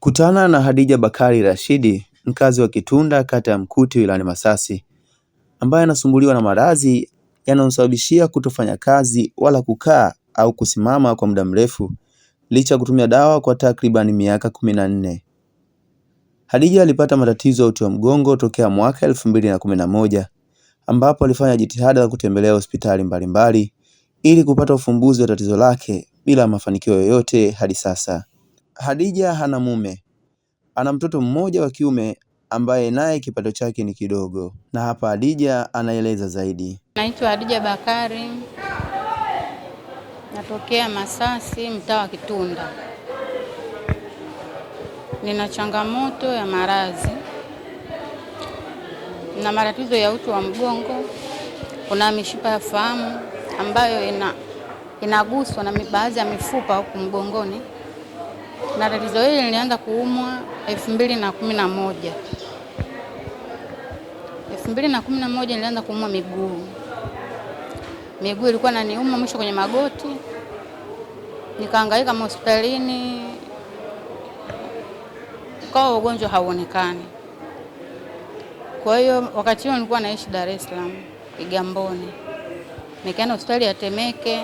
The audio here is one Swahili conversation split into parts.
Kutana na hadija Bakari Rashidi, mkazi wa Kitunda kata ya Mkuti wilayani Masasi, ambaye anasumbuliwa na maradhi yanayomsababishia kutofanya kazi wala kukaa au kusimama kwa muda mrefu licha ya kutumia dawa kwa takriban miaka kumi na nne. hadija alipata matatizo ya uti wa mgongo tokea mwaka elfu mbili na kumi na moja ambapo alifanya jitihada za kutembelea hospitali mbalimbali ili kupata ufumbuzi wa tatizo lake bila mafanikio yoyote hadi sasa hadija hana mume, ana mtoto mmoja wa kiume ambaye naye kipato chake ni kidogo, na hapa Hadija anaeleza zaidi. Naitwa Hadija Bakari, natokea Masasi, mtaa wa Kitunda. Nina changamoto ya maradhi na matatizo ya uti wa mgongo. Kuna mishipa ya fahamu ambayo ina inaguswa na baadhi ya mifupa huku mgongoni na tatizo hili nilianza kuumwa elfu mbili na kumi na moja elfu mbili na kumi na moja nilianza kuumwa miguu. Miguu ilikuwa naniuma mwisho kwenye magoti, nikaangaika hospitalini, ukawa ugonjwa hauonekani. Kwa hiyo wakati huo nilikuwa naishi Dar es Salaam Kigamboni, nikaenda hospitali ya Temeke.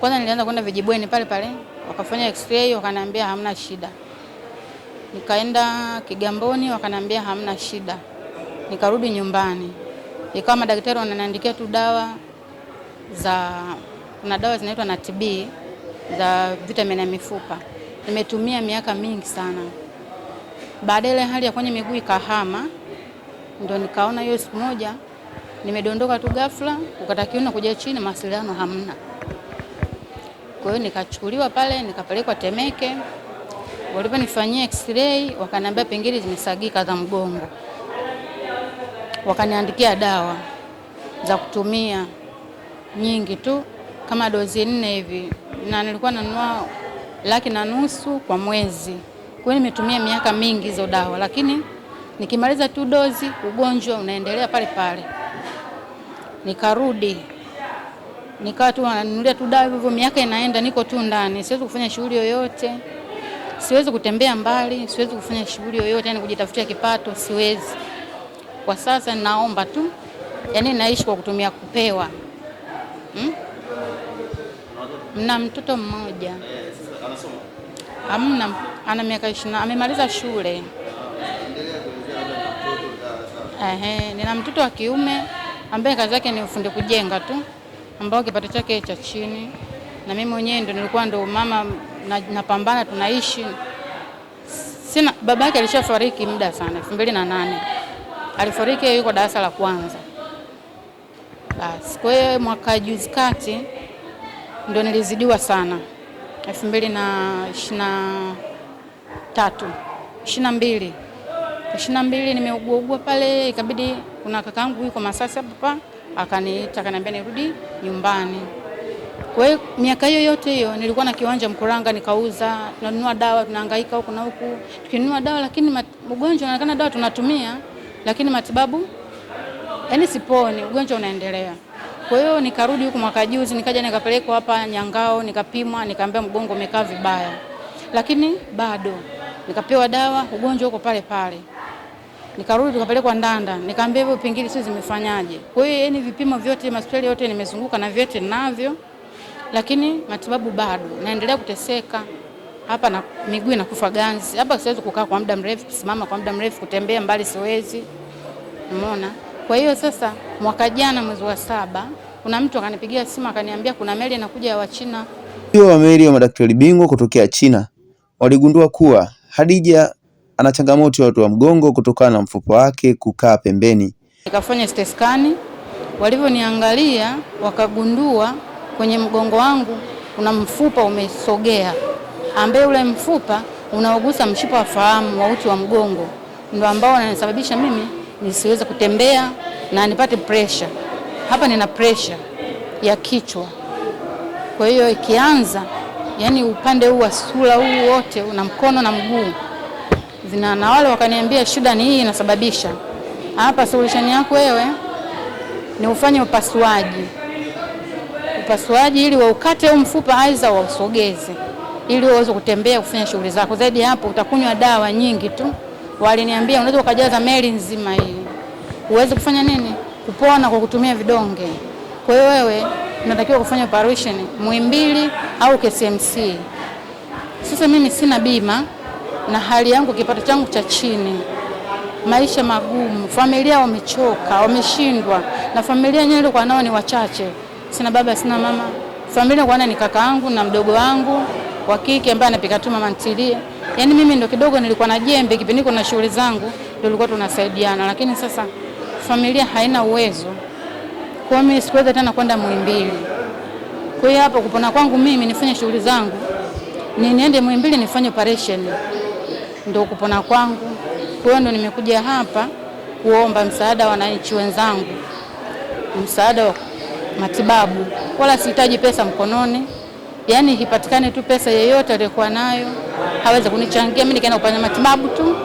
Kwanza nilianza kwenda Vijibweni pale pale wakafanya x-ray wakaniambia hamna shida. Nikaenda Kigamboni wakaniambia hamna shida, nikarudi nyumbani, ikawa madaktari wananiandikia tu dawa za, kuna dawa zinaitwa na TB za vitamini ya mifupa, nimetumia miaka mingi sana. Baada ile hali ya kwenye miguu ikahama, ndio nikaona hiyo siku moja nimedondoka tu ghafla, ukatakiuna kuja chini, mawasiliano hamna. Kwa hiyo nikachukuliwa pale nikapelekwa Temeke, waliponifanyia x-ray wakaniambia pingili zimesagika za mgongo, wakaniandikia dawa za kutumia nyingi tu kama dozi nne hivi, na nilikuwa nanunua laki na nusu kwa mwezi. Kwa hiyo nimetumia miaka mingi hizo dawa, lakini nikimaliza tu dozi ugonjwa unaendelea pale pale. Nikarudi nikawa tu nanunulia tu dawa hivyo. Miaka inaenda, niko tu ndani, siwezi kufanya shughuli yoyote, siwezi kutembea mbali, siwezi kufanya shughuli yoyote, yani kujitafutia kipato siwezi kwa sasa. Naomba tu, yani naishi kwa kutumia kupewa. hmm? Mna mtoto mmoja amna, ana miaka ishirini, amemaliza shule. Ehe, nina mtoto wa kiume ambaye kazi yake ni ufundi kujenga tu ambao kipato chake cha chini, na mimi mwenyewe ndo nilikuwa ndo mama na, napambana tunaishi. Sina baba yake alishafariki muda sana, elfu mbili na nane alifariki, yuko darasa la kwanza. Basi kwa hiyo mwaka juzi kati ndo nilizidiwa sana elfu mbili na ishirini na tatu ishirini na mbili ishirini na mbili nimeuguaugua pale, ikabidi kuna kakaangu yuko Masasi hapa akaniita akaniambia nirudi nyumbani. Kwa hiyo miaka hiyo yote hiyo nilikuwa na kiwanja Mkuranga nikauza, tunanunua dawa, tunahangaika huku na huku tukinunua dawa, lakini mgonjwa anaonekana dawa tunatumia, lakini matibabu yani siponi, ugonjwa unaendelea. Kwa hiyo nikarudi huku mwaka juzi, nikaja nikapelekwa hapa Nyangao, nikapimwa, nikaambia mgongo umekaa vibaya, lakini bado nikapewa dawa, ugonjwa uko pale pale. Nikarudi tukapelekwa Ndanda, nikaambia hivyo pingili sio zimefanyaje. Kwa hiyo yani vipimo vyote hospitali yote nimezunguka na vyote ninavyo, lakini matibabu bado naendelea kuteseka hapa na miguu inakufa ganzi hapa, siwezi kukaa kwa muda mrefu, kusimama kwa muda mrefu, kutembea mbali siwezi, umeona. Kwa hiyo sasa, mwaka jana mwezi wa saba, kuna mtu akanipigia simu akaniambia kuna meli inakuja ya Wachina. Hiyo wa meli ya madaktari bingwa kutokea China waligundua kuwa Hadija ana changamoto ya uti wa mgongo kutokana na mfupa wake kukaa pembeni. Nikafanya scan, walivyoniangalia wakagundua kwenye mgongo wangu kuna mfupa umesogea, ambaye ule mfupa unaogusa mshipa wa fahamu wa uti wa mgongo ndio ambao unanisababisha mimi nisiweze kutembea na nipate pressure. Hapa nina pressure ya kichwa, kwa hiyo ikianza, yani upande huu wa sura huu wote una mkono na mguu zina na wale wakaniambia shida ni hii inasababisha hapa, solution yako wewe ni ufanye upasuaji, upasuaji ili waukate huu mfupa aidha wausogeze ili uweze kutembea kufanya shughuli zako. Zaidi hapo utakunywa dawa nyingi tu, waliniambia unaweza ukajaza meli nzima hii uweze kufanya nini, kupona kwa kutumia vidonge. Kwa hiyo wewe unatakiwa kufanya operation Muhimbili au KCMC. Sasa mimi sina bima na hali yangu, kipato changu cha chini, maisha magumu, familia wamechoka, wameshindwa, na familia yenyewe kwa nao ni wachache, sina baba, sina mama. Familia kwa nao ni kaka yangu na mdogo wangu wa kike ambaye anapika tu mama ntilie. Yaani mimi ndo kidogo nilikuwa na jembe kipindi na shughuli zangu ndio nilikuwa tunasaidiana, lakini sasa familia haina uwezo. Kwa mimi sikuweza tena kwenda Muhimbili. Kwa hiyo hapo kupona kwangu mimi nifanye shughuli zangu, ni niende Muhimbili nifanye operation ndio kupona kwangu. Kwa hiyo ndio nimekuja hapa kuomba msaada wananchi wenzangu, msaada wa matibabu, wala sihitaji pesa mkononi, yaani ipatikane tu pesa yeyote aliyokuwa nayo aweze kunichangia mimi nikaenda kufanya matibabu tu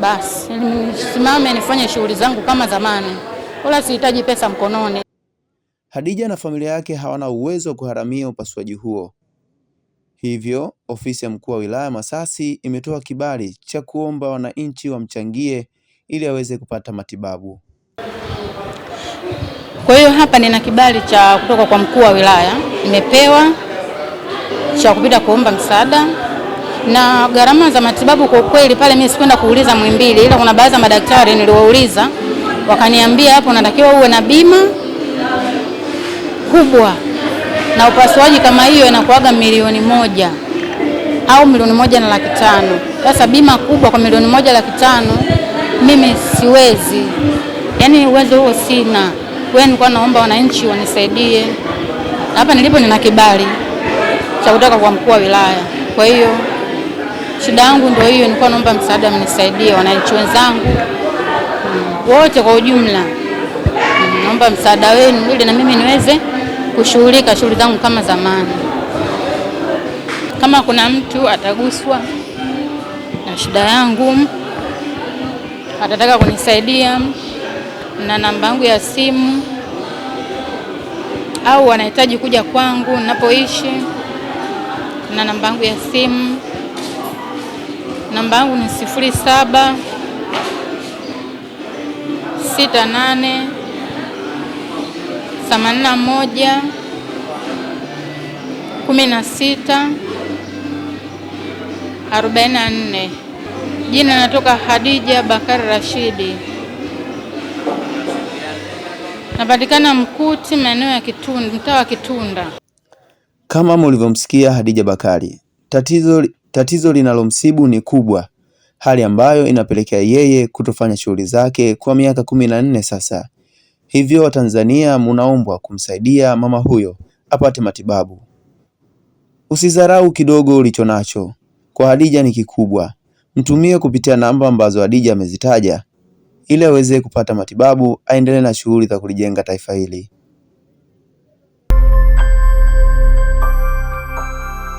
basi, nisimame nifanye shughuli zangu kama zamani, wala sihitaji pesa mkononi. Hadija na familia yake hawana uwezo wa kuharamia upasuaji huo. Hivyo ofisi ya mkuu wa wilaya Masasi imetoa kibali cha kuomba wananchi wamchangie ili aweze kupata matibabu. Kwa hiyo hapa nina kibali cha kutoka kwa mkuu wa wilaya nimepewa cha kupita kuomba msaada na gharama za matibabu. Kwa kweli pale mimi sikwenda kuuliza Muhimbili, ila kuna baadhi ya madaktari niliwauliza, wakaniambia hapo unatakiwa uwe na bima kubwa na upasuaji kama hiyo inakuwaga milioni moja au milioni moja na laki tano. Sasa bima kubwa kwa milioni moja laki tano mimi siwezi, yaani uwezo huo sina. Wewe nilikuwa naomba wananchi wanisaidie. Hapa nilipo nina kibali cha kutoka kwa mkuu wa wilaya, kwa hiyo shida yangu ndio hiyo, nilikuwa naomba msaada, mnisaidie wananchi wenzangu wote kwa ujumla, naomba msaada wenu ili na mimi niweze kushughulika shughuli zangu kama zamani. Kama kuna mtu ataguswa na shida yangu atataka kunisaidia na namba yangu ya simu au anahitaji kuja kwangu ninapoishi na namba yangu ya simu. Namba yangu ni sifuri saba sita nane themanini na moja kumi na sita arobaini na nne. Jina natoka Hadija Bakari Rashidi, napatikana Mkuti, maeneo ya Kitunda, mtaa wa Kitunda. Kama mulivyomsikia Hadija Bakari, tatizo, tatizo linalomsibu ni kubwa, hali ambayo inapelekea yeye kutofanya shughuli zake kwa miaka kumi na nne sasa. Hivyo tanzania munaombwa kumsaidia mama huyo apate matibabu. Usidharau kidogo ulicho nacho, kwa Hadija ni kikubwa. Mtumie kupitia namba ambazo Hadija amezitaja ili aweze kupata matibabu, aendelee na shughuli za kulijenga taifa hili.